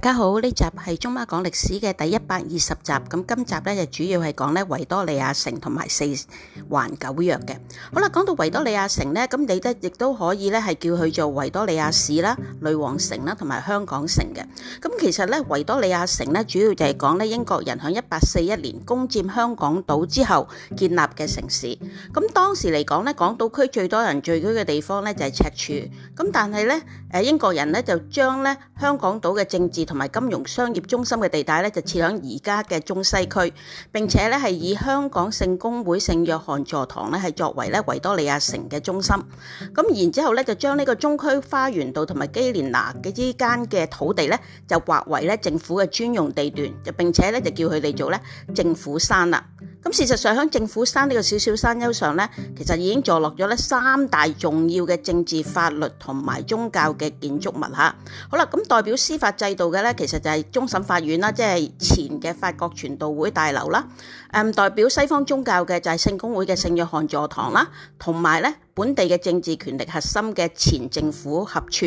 大家好，呢集係鍾媽講歷史嘅第一百二十集，咁今集咧，就主要係講咧，維多利亞城同埋四環九約嘅。好啦，講到維多利亞城咧，咁你都亦都可以咧係叫佢做維多利亞市啦、女王城啦同埋香港城嘅。咁其實咧，維多利亞城咧主要就係講咧英國人喺一八四一年攻佔香港島之後建立嘅城市。咁當時嚟講咧，港島區最多人聚居嘅地方咧就係赤柱。咁但係咧，誒英國人咧就將咧香港島嘅政治同埋金融商業中心嘅地帶咧，就設響而家嘅中西區。並且咧係以香港聖公會聖約翰座堂咧，係作為咧維多利亞城嘅中心。咁然之後咧，就將呢個中區花園道同埋基連拿嘅之間嘅土地咧，就劃為咧政府嘅專用地段。就並且咧，就叫佢哋做咧政府山啦。咁事實上喺政府山呢、這個小小山丘上咧，其實已經坐落咗咧三大重要嘅政治、法律同埋宗教嘅建築物嚇。好啦，咁代表司法制度嘅咧，其實就係終審法院啦，即係前嘅法國傳道會大樓啦。誒、嗯，代表西方宗教嘅就係聖公會嘅聖約翰座堂啦，同埋咧本地嘅政治權力核心嘅前政府合署。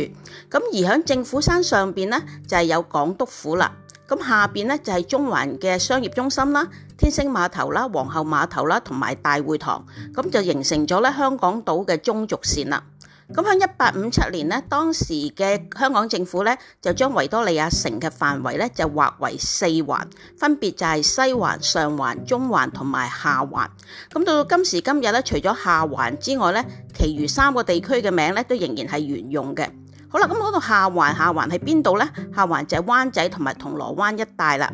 咁而喺政府山上邊咧，就係、是、有港督府啦。咁下邊呢就係中環嘅商業中心啦、天星碼頭啦、皇后碼頭啦同埋大會堂，咁就形成咗香港島嘅中軸線啦。咁喺一八五七年呢，當時嘅香港政府呢，就將維多利亞城嘅範圍呢，就劃為四環，分別就係西環、上環、中環同埋下環。咁到今時今日呢，除咗下環之外呢，其餘三個地區嘅名呢，都仍然係沿用嘅。好啦，咁嗰個下環下環喺邊度咧？下環就係灣仔同埋銅鑼灣一帶啦。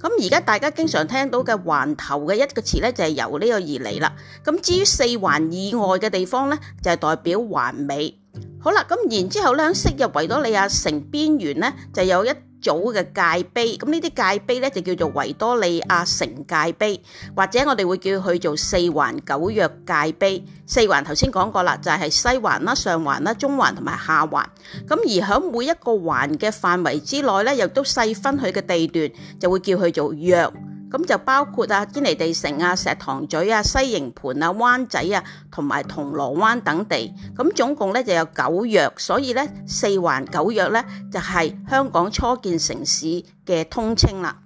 咁而家大家經常聽到嘅環頭嘅一個詞咧，就係、是、由呢個而嚟啦。咁至於四環以外嘅地方咧，就係、是、代表環尾。好啦，咁然之後咧，喺昔日維多利亞城邊緣咧，就有一。早嘅界碑，咁呢啲界碑咧就叫做維多利亞城界碑，或者我哋會叫佢做四環九約界碑。四環頭先講過啦，就係西環啦、上環啦、中環同埋下環。咁而喺每一個環嘅範圍之內咧，又都細分佢嘅地段，就會叫佢做約。咁就包括啊堅尼地城啊、石塘咀啊、西營盤啊、灣仔啊，同埋銅鑼灣等地。咁總共咧就有九約，所以咧四環九約咧就係香港初建城市嘅通稱啦。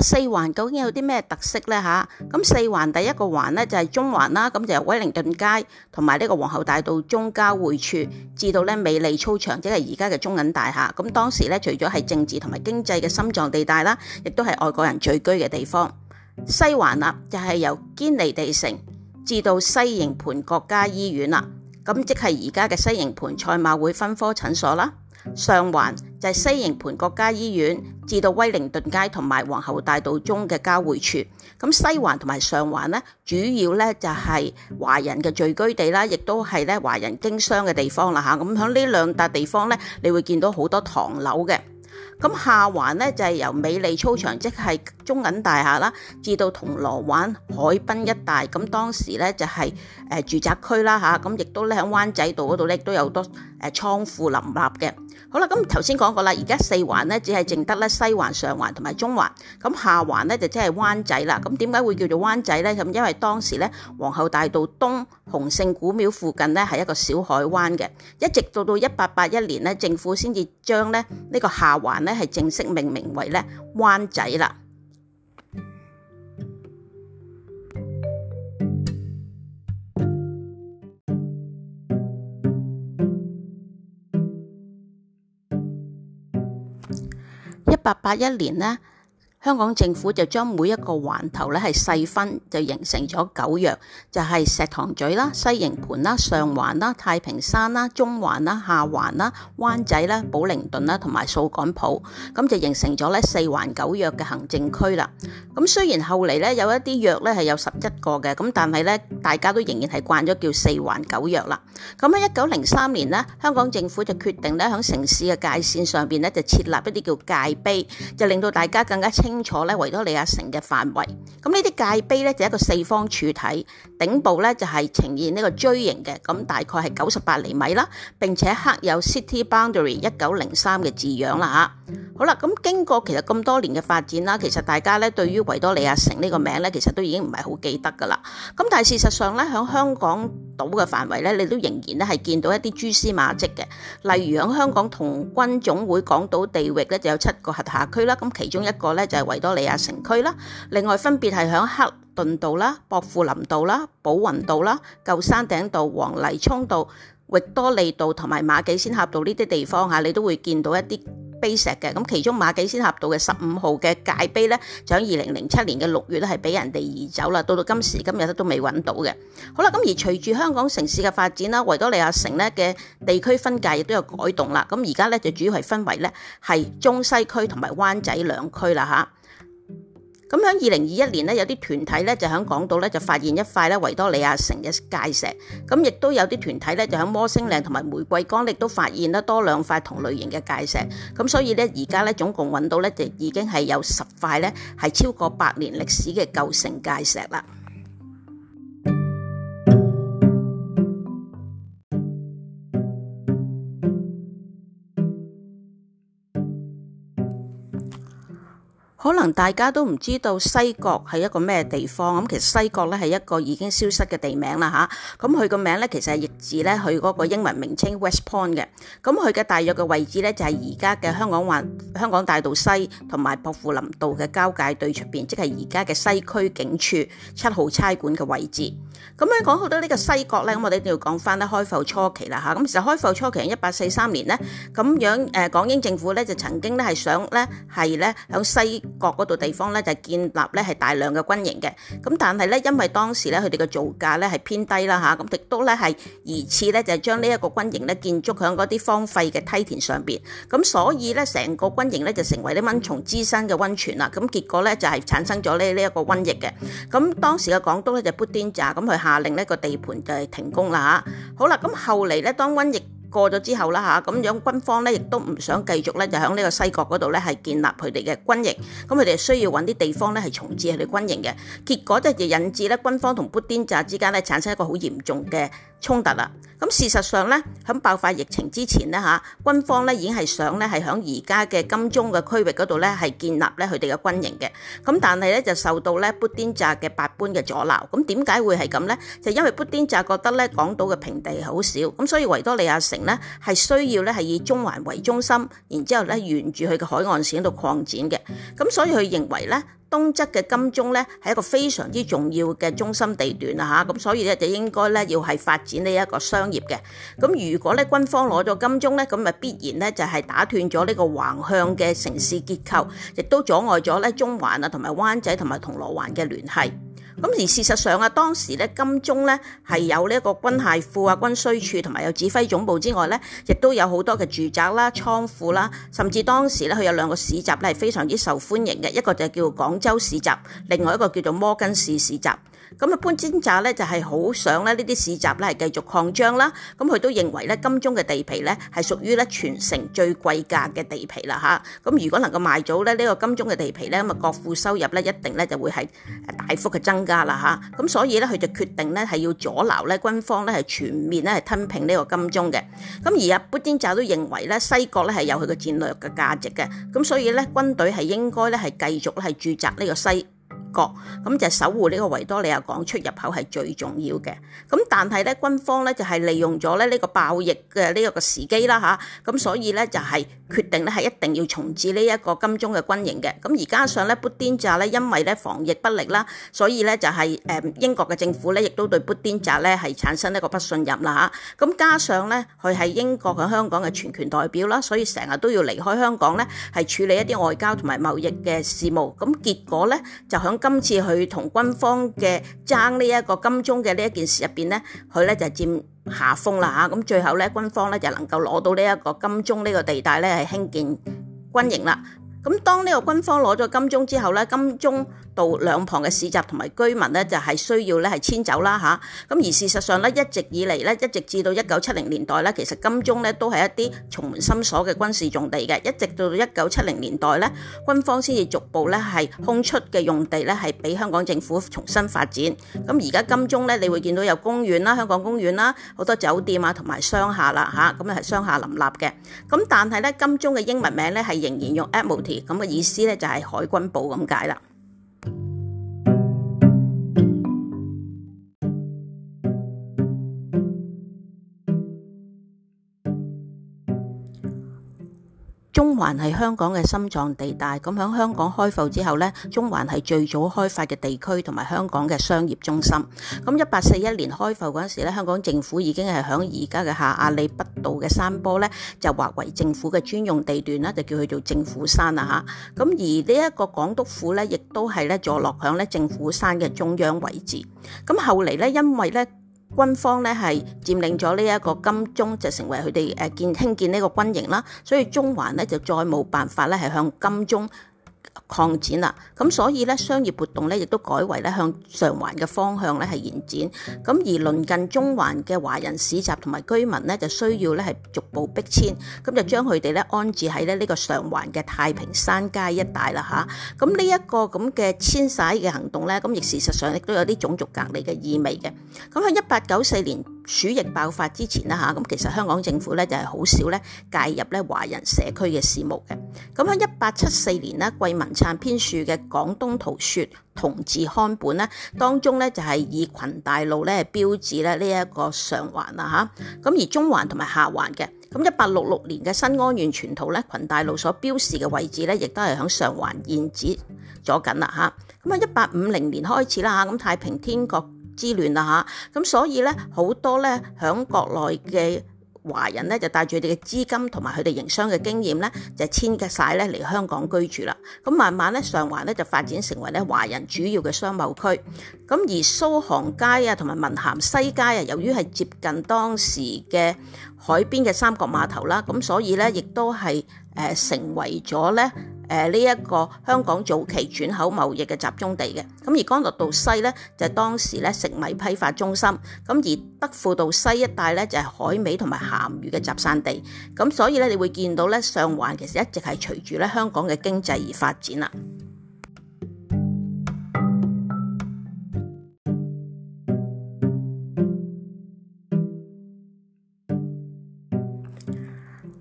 四環究竟有啲咩特色呢？嚇，咁四環第一個環咧就係中環啦，咁就由威靈頓街同埋呢個皇后大道中交匯處至到咧美利操場，即係而家嘅中銀大廈。咁當時咧，除咗係政治同埋經濟嘅心臟地帶啦，亦都係外國人聚居嘅地方。西環啦，就係由堅尼地城至到西營盤國家醫院啦，咁即係而家嘅西營盤賽馬會分科診所啦。上環就係、是、西營盤國家醫院至到威靈頓街同埋皇后大道中嘅交匯處。咁西環同埋上環咧，主要咧就係華人嘅聚居地啦，亦都係咧華人經商嘅地方啦吓。咁響呢兩笪地方咧，你會見到好多唐樓嘅。咁下環咧就係由美利操場，即係中銀大廈啦，至到銅鑼灣海濱一帶。咁當時咧就係誒住宅區啦吓，咁亦都咧響灣仔度嗰度咧都有多誒倉庫林立嘅。好啦，咁頭先講過啦，而家四環咧只係淨得咧西環、上環同埋中環，咁下環咧就即係灣仔啦。咁點解會叫做灣仔咧？咁因為當時咧皇后大道東洪聖古廟附近咧係一個小海灣嘅，一直到到一八八一年咧，政府先至將咧呢個下環咧係正式命名為咧灣仔啦。八八一年呢。香港政府就將每一個環頭咧係細分，就形成咗九約，就係石塘嘴啦、西營盤啦、上環啦、太平山啦、中環啦、下環啦、灣仔啦、寶靈頓啦同埋掃桿埔，咁就形成咗咧四環九約嘅行政區啦。咁雖然後嚟咧有一啲約咧係有十一個嘅，咁但係咧大家都仍然係慣咗叫四環九約啦。咁喺一九零三年呢，香港政府就決定咧喺城市嘅界線上邊咧就設立一啲叫界碑，就令到大家更加清。清楚咧，維多利亞城嘅範圍，咁呢啲界碑咧就係一個四方柱體，頂部咧就係呈現呢個錐形嘅，咁大概係九十八厘米啦。並且刻有 City Boundary 一九零三嘅字樣啦嚇。嗯、好啦，咁經過其實咁多年嘅發展啦，其實大家咧對於維多利亞城呢個名咧，其實都已經唔係好記得噶啦。咁但係事實上咧，喺香港島嘅範圍咧，你都仍然咧係見到一啲蛛絲馬跡嘅，例如喺香港童軍總會港島地域咧就有七個轄下區啦，咁其中一個咧就是，維多利亞城區啦，另外分別係響克頓道啦、薄扶林道啦、寶雲道啦、舊山頂道、黃泥涌道。維多利亞道同埋馬己仙峽道呢啲地方，你都會見到一啲碑石嘅。咁其中馬己仙峽道嘅十五號嘅界碑呢，就喺二零零七年嘅六月咧，係俾人哋移走啦。到到今時今日都未揾到嘅。好啦，咁而隨住香港城市嘅發展啦，維多利亞城咧嘅地區分界亦都有改動啦。咁而家咧就主要係分為咧係中西區同埋灣仔兩區啦嚇。咁喺二零二一年咧，有啲團體咧就喺港島咧就發現一塊咧維多利亞城嘅界石，咁亦都有啲團體咧就喺摩星嶺同埋玫瑰崗，亦都發現得多兩塊同類型嘅界石，咁所以咧而家咧總共揾到咧就已經係有十塊咧係超過百年歷史嘅舊城界石啦。可能大家都唔知道西角係一個咩地方，咁，其實西角咧係一個已經消失嘅地名啦吓，咁佢個名咧其實係譯自咧佢嗰個英文名稱 West Point 嘅。咁佢嘅大約嘅位置咧就係而家嘅香港環香港大道西同埋薄扶林道嘅交界對出邊，即係而家嘅西區警署七號差館嘅位置。咁樣講好多呢個西角咧，咁我哋一定要講翻咧開埠初期啦吓，咁其實開埠初期一八四三年咧，咁樣誒，港英政府咧就曾經咧係想咧係咧向西。各嗰度地方咧就建立咧係大量嘅軍營嘅，咁但係咧因為當時咧佢哋嘅造價咧係偏低啦嚇，咁亦都咧係疑似咧就係將呢一個軍營咧建築響嗰啲荒廢嘅梯田上邊，咁所以咧成個軍營咧就成為啲蚊蟲滋生嘅溫泉啦，咁結果咧就係產生咗咧呢一個瘟疫嘅，咁當時嘅港督咧就砵甸乍咁佢下令呢個地盤就係停工啦嚇。好啦，咁後嚟咧當瘟疫過咗之後啦吓，咁樣軍方咧亦都唔想繼續咧就喺呢個西角嗰度咧係建立佢哋嘅軍營，咁佢哋需要搵啲地方咧係重置佢哋軍營嘅，結果咧就引致咧軍方同砵甸乍之間咧產生一個好嚴重嘅衝突啦！咁事實上咧，喺爆發疫情之前咧嚇，軍方咧已經係想咧係喺而家嘅金鐘嘅區域嗰度咧係建立咧佢哋嘅軍營嘅。咁但係咧就受到咧砵甸乍嘅百般嘅阻撓。咁點解會係咁咧？就因為砵甸乍覺得咧港島嘅平地好少，咁所以維多利亞城咧係需要咧係以中環為中心，然之後咧沿住佢嘅海岸線度擴展嘅。咁所以佢認為咧。東側嘅金鐘咧係一個非常之重要嘅中心地段啊。吓，咁所以咧就應該咧要係發展呢一個商業嘅。咁如果咧軍方攞咗金鐘咧，咁啊必然咧就係打斷咗呢個橫向嘅城市結構，亦都阻礙咗咧中環啊同埋灣仔同埋銅鑼灣嘅聯繫。咁而事實上啊，當時咧金鐘咧係有呢一個軍械庫啊、軍需處同埋有指揮總部之外咧，亦都有好多嘅住宅啦、倉庫啦，甚至當時咧佢有兩個市集咧係非常之受歡迎嘅，一個就係叫做廣州市集，另外一個叫做摩根市市集。咁一般煎炸咧就係好想咧呢啲市集咧係繼續擴張啦。咁佢都認為咧金鐘嘅地皮咧係屬於咧全城最貴價嘅地皮啦嚇。咁如果能夠賣咗咧呢個金鐘嘅地皮咧，咁啊國庫收入咧一定咧就會係大幅嘅增加啦嚇。咁所以咧佢就決定咧係要阻撓咧軍方咧係全面咧係吞併呢個金鐘嘅。咁而一般煎炸都認為咧西角咧係有佢嘅戰略嘅價值嘅。咁所以咧軍隊係應該咧係繼續咧係駐紮呢個西。咁就係守護呢個維多利亞港出入口係最重要嘅。咁但係咧，軍方咧就係、是、利用咗咧呢個爆疫嘅呢一個時機啦吓，咁、啊、所以咧就係、是、決定咧係一定要重置呢一個金鐘嘅軍營嘅。咁而加上咧砵甸乍咧，因為咧防疫不力啦，所以咧就係、是、誒、嗯、英國嘅政府咧亦都對砵甸乍咧係產生呢個不信任啦吓，咁、啊、加上咧佢係英國喺香港嘅全權代表啦，所以成日都要離開香港咧，係處理一啲外交同埋貿易嘅事務。咁、啊、結果咧就響今次佢同軍方嘅爭呢一個金鐘嘅呢一件事入邊咧，佢咧就佔下風啦吓，咁、啊、最後咧軍方咧就能夠攞到呢一個金鐘呢個地帶咧係興建軍營啦。咁當呢個軍方攞咗金鐘之後咧，金鐘道兩旁嘅市集同埋居民咧就係需要咧係遷走啦吓。咁而事實上咧，一直以嚟咧，一直至到一九七零年代咧，其實金鐘咧都係一啲重門深鎖嘅軍事重地嘅。一直到一九七零年代咧，軍方先至逐步咧係空出嘅用地咧係俾香港政府重新發展。咁而家金鐘咧，你會見到有公園啦、香港公園啦，好多酒店啊同埋商廈啦嚇，咁係商廈林立嘅。咁但係咧，金鐘嘅英文名咧係仍然用咁嘅意思咧，就係海軍部咁解啦。中環係香港嘅心臟地帶，咁喺香港開埠之後呢，中環係最早開發嘅地區同埋香港嘅商業中心。咁一八四一年開埠嗰陣時咧，香港政府已經係喺而家嘅下亞厘畢道嘅山坡咧，就劃為政府嘅專用地段啦，就叫佢做政府山啦嚇。咁而呢一個港督府咧，亦都係咧坐落喺咧政府山嘅中央位置。咁後嚟咧，因為咧。軍方咧係佔領咗呢一個金鐘，就係、成為佢哋誒建興建呢個軍營啦，所以中環咧就再冇辦法咧係向金鐘擴展啦，咁所以咧商業活動咧亦都改為咧向上環嘅方向咧係延展，咁而鄰近中環嘅華人市集同埋居民咧就需要咧係逐步逼遷，咁就將佢哋咧安置喺咧呢個上環嘅太平山街一帶啦吓，咁呢一個咁嘅遷徙嘅行動咧，咁亦事實上亦都有啲種族隔離嘅意味嘅。咁喺一八九四年鼠疫爆發之前啦吓，咁其實香港政府咧就係好少咧介入咧華人社區嘅事務嘅。咁喺一八七四年呢，貴民殘篇樹嘅廣東圖說同治刊本咧，當中咧就係以群大路咧標誌咧呢一個上環啦吓。咁而中環同埋下環嘅咁一八六六年嘅新安縣全圖咧，群大路所標示嘅位置咧，亦都係響上環現址左近啦吓。咁啊一八五零年開始啦吓，咁太平天國之亂啦吓，咁所以咧好多咧響國內嘅。華人咧就帶住佢哋嘅資金同埋佢哋營商嘅經驗咧，就遷嘅晒咧嚟香港居住啦。咁慢慢咧，上環咧就發展成為咧華人主要嘅商貿區。咁而蘇杭街啊，同埋文咸西街啊，由於係接近當時嘅海邊嘅三角碼頭啦，咁所以咧亦都係誒、呃、成為咗咧。誒呢一個香港早期轉口貿易嘅集中地嘅，咁而干諾道西咧就係、是、當時咧食米批發中心，咁而德輔道西一帶咧就係、是、海味同埋鹹魚嘅集散地，咁所以咧你會見到咧上環其實一直係隨住咧香港嘅經濟而發展啦。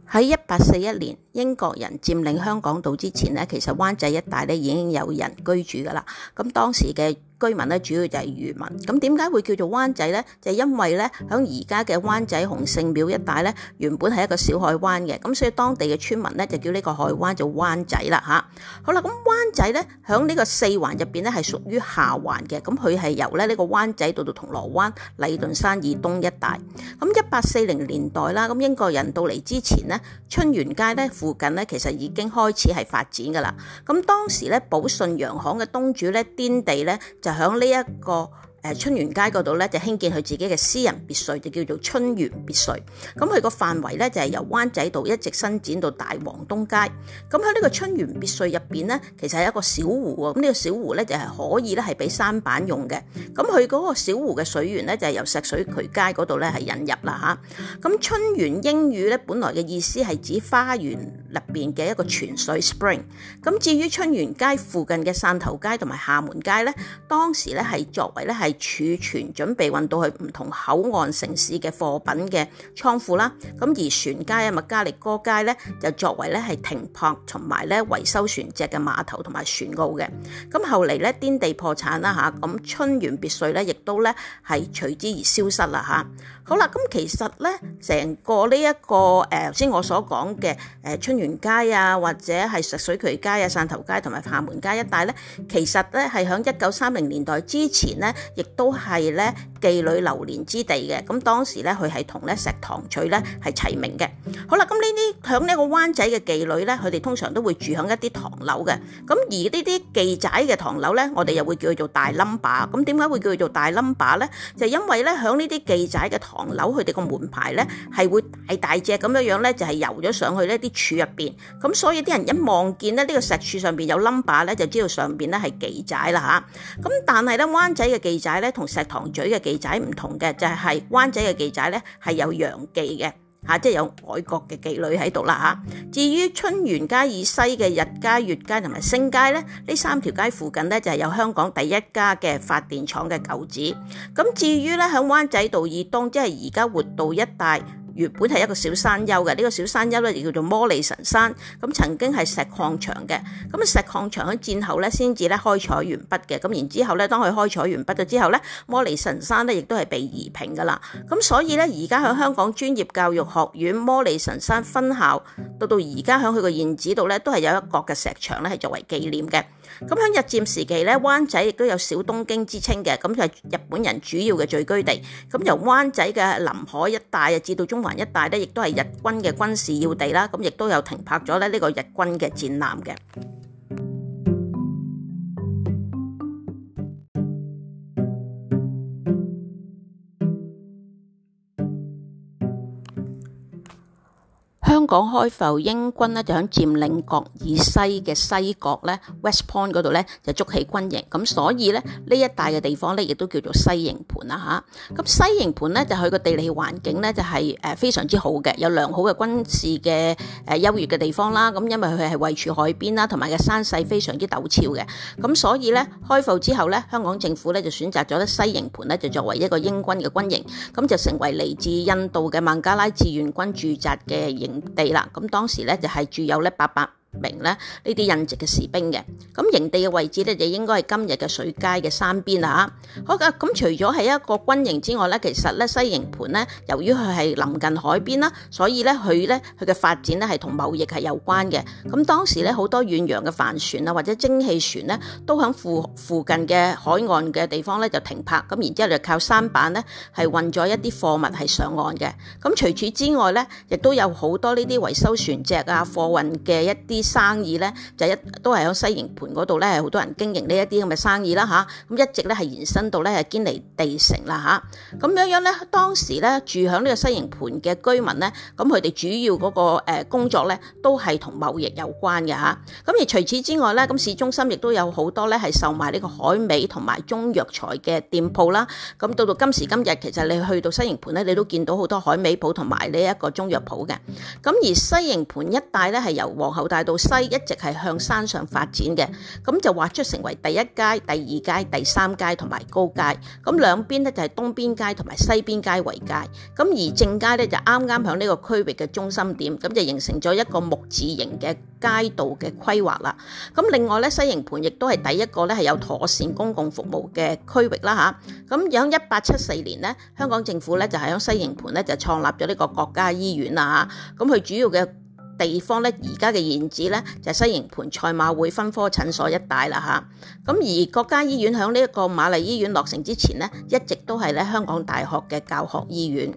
喺一八四一年，英國人佔領香港島之前咧，其實灣仔一帶咧已經有人居住㗎啦。咁當時嘅居民咧主要就係漁民。咁點解會叫做灣仔咧？就係因為咧喺而家嘅灣仔洪聖廟一帶咧，原本係一個小海灣嘅。咁所以當地嘅村民咧就叫呢個海灣做灣仔啦嚇。好啦，咁灣仔咧喺呢個四環入邊咧係屬於下環嘅。咁佢係由咧呢個灣仔到到銅鑼灣、禮頓山以東一帶。咁一八四零年代啦，咁英國人到嚟之前咧，春園街咧附近咧，其實已經開始係發展㗎啦。咁當時咧，寶順洋行嘅東主咧，顛地咧，就喺呢一個。誒春園街嗰度咧，就興建佢自己嘅私人別墅，就叫做春園別墅。咁佢個範圍咧就係、是、由灣仔道一直伸展到大王東街。咁喺呢個春園別墅入邊咧，其實係一個小湖喎。咁呢個小湖咧就係、是、可以咧係俾山板用嘅。咁佢嗰個小湖嘅水源咧就係、是、由石水渠街嗰度咧係引入啦嚇。咁春園英語咧，本來嘅意思係指花園入邊嘅一個泉水 spring。咁至於春園街附近嘅汕頭街同埋廈門街咧，當時咧係作為咧係。儲存準備運到去唔同口岸城市嘅貨品嘅倉庫啦，咁而船街啊、麥加力哥街咧，就作為咧係停泊同埋咧維修船隻嘅碼頭同埋船澳嘅。咁後嚟咧，顛地破產啦吓，咁春園別墅咧，亦都咧係隨之而消失啦吓，好啦，咁其實咧、這個，成個呢一個誒，頭先我所講嘅誒春園街啊，或者係石水渠街啊、汕頭街同埋廈門街一帶咧，其實咧係喺一九三零年代之前咧。亦都係嘞，妓女流連之地嘅，咁當時咧佢係同咧石塘咀咧係齊名嘅。好啦，咁呢啲響呢個灣仔嘅妓女咧，佢哋通常都會住響一啲唐樓嘅。咁而呢啲妓仔嘅唐樓咧，我哋又會叫佢做大冧把。咁點解會叫佢做大冧把咧？就係因為咧響呢啲妓仔嘅唐樓，佢哋個門牌咧係會大大隻咁樣樣咧，就係遊咗上去呢啲柱入邊。咁所以啲人一望見咧呢個石柱上邊有冧把咧，就知道上邊咧係妓仔啦吓。咁但係咧灣仔嘅妓仔咧同石塘咀嘅。妓、就是、仔唔同嘅就係灣仔嘅妓仔咧，係有洋妓嘅吓，即係有外國嘅妓女喺度啦吓。至於春園街以西嘅日街、月街同埋星街咧，呢三條街附近咧就係有香港第一家嘅發電廠嘅舊址。咁、嗯、至於咧響灣仔道以東，即係而家活道一帶。原本係一個小山丘嘅，呢、呢個小山丘咧就叫做摩利神山，咁曾經係石礦場嘅，咁石礦場喺戰後咧先至咧開採完畢嘅，咁然後之後咧，當佢開採完畢咗之後咧，摩利神山咧亦都係被夷平噶啦，咁所以咧而家喺香港專業教育學院摩利神山分校，到到而家喺佢個現址度咧，都係有一個嘅石牆咧係作為紀念嘅。咁喺日佔時期咧，灣仔亦都有小東京之稱嘅，咁就係日本人主要嘅聚居地。咁由灣仔嘅臨海一帶啊，至到中環一帶咧，亦都係日軍嘅軍事要地啦。咁亦都有停泊咗咧呢個日軍嘅戰艦嘅。港開埠，英軍咧就喺佔領角以西嘅西角咧 （West Point） 嗰度咧就築起軍營，咁所以咧呢一帶嘅地方咧亦都叫做西營盤啦吓，咁、啊、西營盤咧就佢個地理環境咧就係、是、誒非常之好嘅，有良好嘅軍事嘅誒、呃、優越嘅地方啦。咁、啊、因為佢係位處海邊啦，同埋嘅山勢非常之陡峭嘅，咁所以咧開埠之後咧，香港政府咧就選擇咗咧西營盤咧就作為一個英軍嘅軍營，咁就成為嚟自印度嘅孟加拉志願軍駐紮嘅營地啦，咁當時咧就係住有咧八百明咧呢啲印籍嘅士兵嘅，咁營地嘅位置咧就應該係今日嘅水街嘅山邊啊。嚇。好啊，咁、啊、除咗係一個軍營之外咧，其實咧西營盤咧，由於佢係臨近海邊啦，所以咧佢咧佢嘅發展咧係同貿易係有關嘅。咁當時咧好多遠洋嘅帆船啊，或者蒸汽船咧，都響附附近嘅海岸嘅地方咧就停泊，咁、啊、然之後就靠舢板咧係運咗一啲貨物係上岸嘅。咁除此之外咧，亦都有好多呢啲維修船隻啊、貨運嘅一啲。生意咧就一都係喺西營盤嗰度咧，好多人經營呢一啲咁嘅生意啦吓，咁、啊嗯、一直咧係延伸到咧堅尼地城啦吓，咁、啊、樣樣咧，當時咧住喺呢個西營盤嘅居民咧，咁佢哋主要嗰個誒工作咧都係同貿易有關嘅吓，咁、啊、而除此之外咧，咁市中心亦都有好多咧係售賣呢個海味同埋中藥材嘅店鋪啦。咁、啊、到到今時今日，其實你去到西營盤咧，你都見到好多海味鋪同埋呢一個中藥鋪嘅。咁、啊、而西營盤一帶咧係由皇后大道西一直係向山上發展嘅，咁就劃出成為第一街、第二街、第三街同埋高街，咁兩邊呢，就係、是、東邊街同埋西邊街為界，咁而正街咧就啱啱響呢個區域嘅中心點，咁就形成咗一個木字形嘅街道嘅規劃啦。咁另外咧，西營盤亦都係第一個咧係有妥善公共服務嘅區域啦吓，咁喺一八七四年呢，香港政府咧就係喺西營盤咧就創立咗呢個國家醫院啦吓，咁佢主要嘅地方咧，而家嘅現址咧就係西營盤賽馬會分科診所一帶啦吓。咁而國家醫院響呢一個瑪麗醫院落成之前呢，一直都係咧香港大學嘅教學醫院。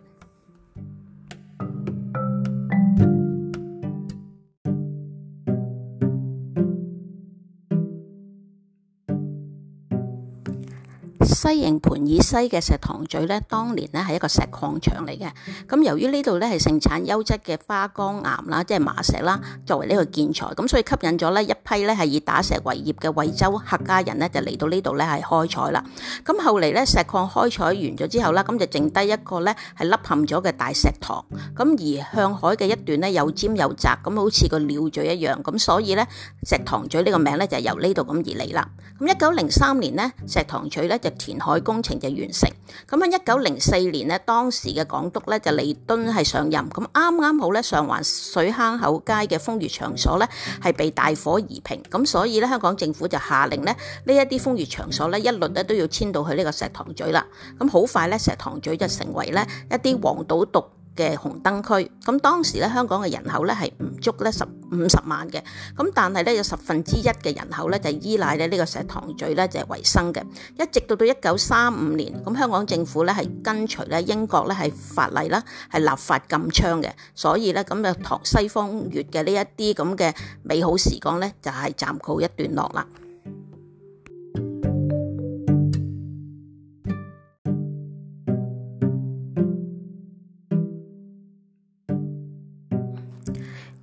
西營盤以西嘅石塘咀咧，當年咧係一個石礦場嚟嘅。咁由於呢度咧係盛產優質嘅花崗岩啦，即係麻石啦，作為呢個建材，咁所以吸引咗咧一批咧係以打石為業嘅惠州客家人咧，就嚟到呢度咧係開採啦。咁後嚟咧石礦開採完咗之後啦，咁就剩低一個咧係凹陷咗嘅大石塘。咁而向海嘅一段咧又尖又窄，咁好似個鳥嘴一樣。咁所以咧石塘咀呢個名咧就係由呢度咁而嚟啦。咁一九零三年咧，石塘咀咧就填海工程就完成，咁喺一九零四年呢，當時嘅港督咧就利敦係上任，咁啱啱好咧上環水坑口街嘅風月場所咧係被大火夷平，咁所以咧香港政府就下令咧呢一啲風月場所咧一律咧都要遷到去呢個石塘咀啦，咁好快咧石塘咀就成為咧一啲黃賭毒嘅紅燈區，咁當時咧香港嘅人口咧係唔足咧十五十萬嘅，咁但係咧有十分之一嘅人口咧就係、是、依賴咧呢個石塘咀咧就係、是、維生嘅，一直到到一九三五年，咁香港政府咧係跟隨咧英國咧係法例啦，係立法禁娼嘅，所以咧咁啊塘西風月嘅呢一啲咁嘅美好時光咧就係、是、暫告一段落啦。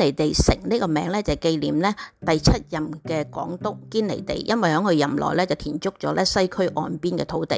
堅尼地城呢個名咧，就紀念咧，第七任嘅港督堅尼地，因為喺佢任內咧，就填築咗咧，西區岸邊嘅土地。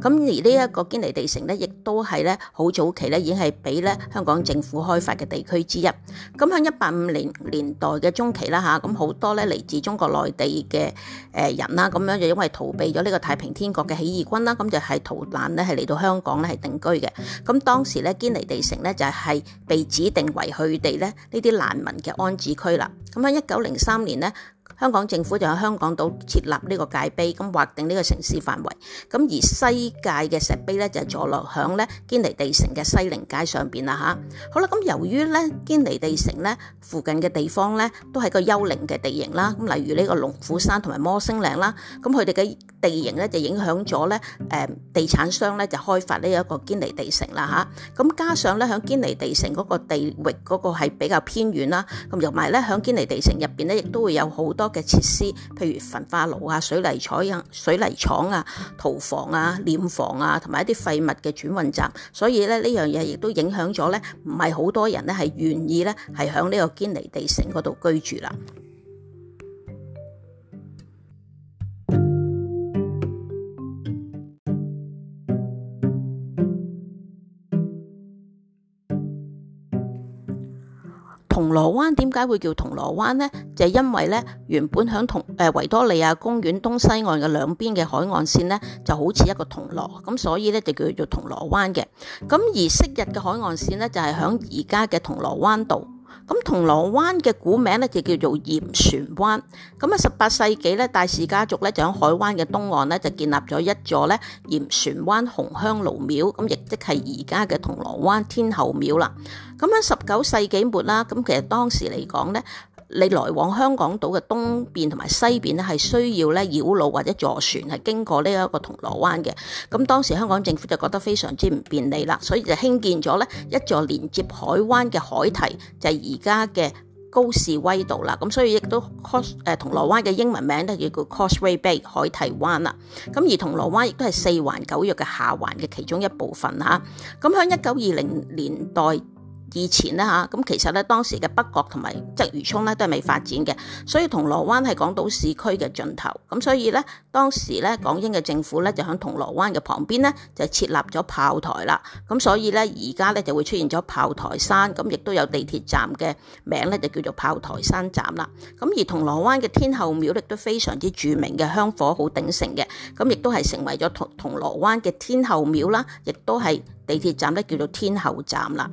咁而呢一個堅尼地城咧，亦都係咧好早期咧，已經係俾咧，香港政府開發嘅地區之一。咁喺一八五零年代嘅中期啦吓，咁好多咧，嚟自中國內地嘅誒人啦，咁樣就因為逃避咗呢個太平天國嘅起義軍啦，咁就係、是、逃難咧係嚟到香港咧係定居嘅。咁當時咧，堅尼地城咧就係被指定為佢哋咧，呢啲難。民嘅安置區啦，咁喺一九零三年咧。香港政府就喺香港島設立呢個界碑，咁劃定呢個城市範圍。咁而西界嘅石碑咧就坐落響咧堅尼地城嘅西寧街上邊啦吓，好啦，咁由於咧堅尼地城咧附近嘅地方咧都係個丘陵嘅地形啦，咁例如呢個龍虎山同埋摩星嶺啦，咁佢哋嘅地形咧就影響咗咧誒地產商咧就開發呢一個堅尼地城啦吓，咁加上咧響堅尼地城嗰個地域嗰個係比較偏遠啦，咁又埋咧響堅尼地城入邊咧亦都會有好多嘅設施，譬如焚化爐啊、水泥廠、水泥廠啊、屠房啊、殮房啊，同埋一啲廢物嘅轉運站，所以咧呢樣嘢亦都影響咗咧，唔係好多人咧係願意咧係響呢個堅尼地城嗰度居住啦。銅鑼灣點解會叫銅鑼灣呢？就係因為咧原本響銅誒維多利亞公園東西岸嘅兩邊嘅海岸線咧就好似一個銅鑼咁，所以咧就叫做銅鑼灣嘅。咁而昔日嘅海岸線咧就係響而家嘅銅鑼灣度。咁銅鑼灣嘅古名咧就叫做鹽船灣，咁啊十八世紀咧，大氏家族咧就喺海灣嘅東岸咧就建立咗一座咧鹽船灣紅香爐廟，咁亦即係而家嘅銅鑼灣天后廟啦。咁喺十九世紀末啦，咁其實當時嚟講咧，你來往香港島嘅東邊同埋西邊咧，係需要咧繞路或者坐船，係經過呢一個銅鑼灣嘅。咁當時香港政府就覺得非常之唔便利啦，所以就興建咗咧一座連接海灣嘅海堤，就係而家嘅高士威道啦。咁所以亦都 Cause 誒、呃、銅鑼灣嘅英文名都叫 Causeway Bay 海堤灣啦。咁而銅鑼灣亦都係四環九約嘅下環嘅其中一部分嚇。咁喺一九二零年代。以前咧嚇，咁其實咧當時嘅北角同埋鰂魚涌咧都係未發展嘅，所以銅鑼灣係港島市區嘅盡頭。咁所以咧當時咧港英嘅政府咧就喺銅鑼灣嘅旁邊咧就設立咗炮台啦。咁所以咧而家咧就會出現咗炮台山，咁亦都有地鐵站嘅名咧就叫做炮台山站啦。咁而銅鑼灣嘅天后廟咧都非常之著名嘅香火好鼎盛嘅，咁亦都係成為咗銅銅鑼灣嘅天后廟啦，亦都係地鐵站咧叫做天后站啦。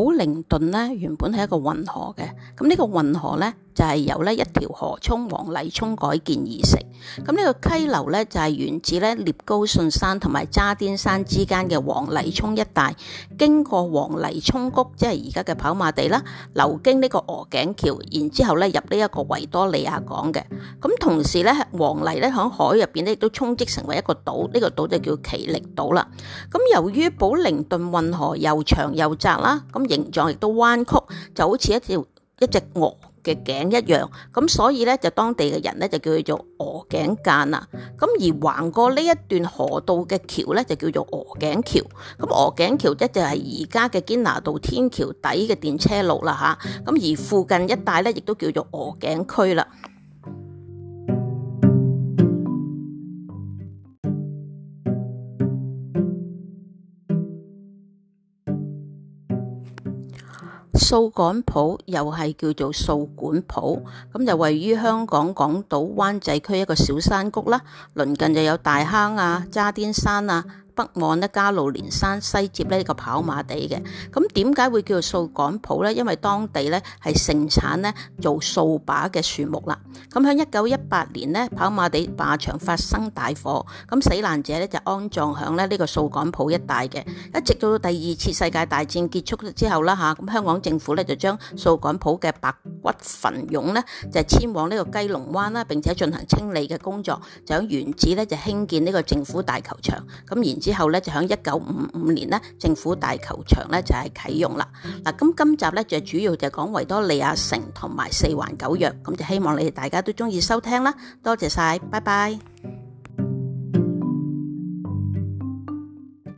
普靈頓咧原本係一個運河嘅，咁、嗯這個、呢個運河咧。就係由呢一條河涌黃泥涌改建而成。咁、這、呢個溪流呢，就係源自呢聶高信山同埋渣甸山之間嘅黃泥涌一帶，經過黃泥涌谷，即係而家嘅跑馬地啦，流經呢個鵝頸橋，然之後呢入呢一個維多利亞港嘅。咁同時呢，黃泥呢喺海入邊呢，亦都沖積成為一個島，呢、這個島就叫奇力島啦。咁由於保靈頓運河又長又窄啦，咁形狀亦都彎曲，就好似一條一隻鵝。嘅頸一樣，咁所以咧就當地嘅人咧就叫佢做鵝頸澗啦，咁而橫過呢一段河道嘅橋咧就叫做鵝頸橋，咁鵝頸橋一就係而家嘅堅拿道天橋底嘅電車路啦吓，咁而附近一帶咧亦都叫做鵝頸區啦。掃桿埔又係叫做掃管埔，咁就位於香港港島灣仔區一個小山谷啦，鄰近就有大坑啊、渣甸山啊。北望咧加路連山，西接呢個跑馬地嘅。咁點解會叫做掃桿埔呢？因為當地咧係盛產咧做掃把嘅樹木啦。咁喺一九一八年呢，跑馬地靶場發生大火，咁死難者呢就安葬喺咧呢個掃桿埔一帶嘅。一直到第二次世界大戰結束之後啦吓，咁香港政府呢就將掃桿埔嘅白骨墳塚呢，就遷往呢個雞籠灣啦，並且進行清理嘅工作，就喺原址呢，就興建呢個政府大球場。咁然之後咧就響一九五五年咧，政府大球場咧就係、是、啟用啦。嗱、啊，咁今集咧就主要就講維多利亞城同埋四環九約，咁就希望你哋大家都中意收聽啦。多謝晒，拜拜。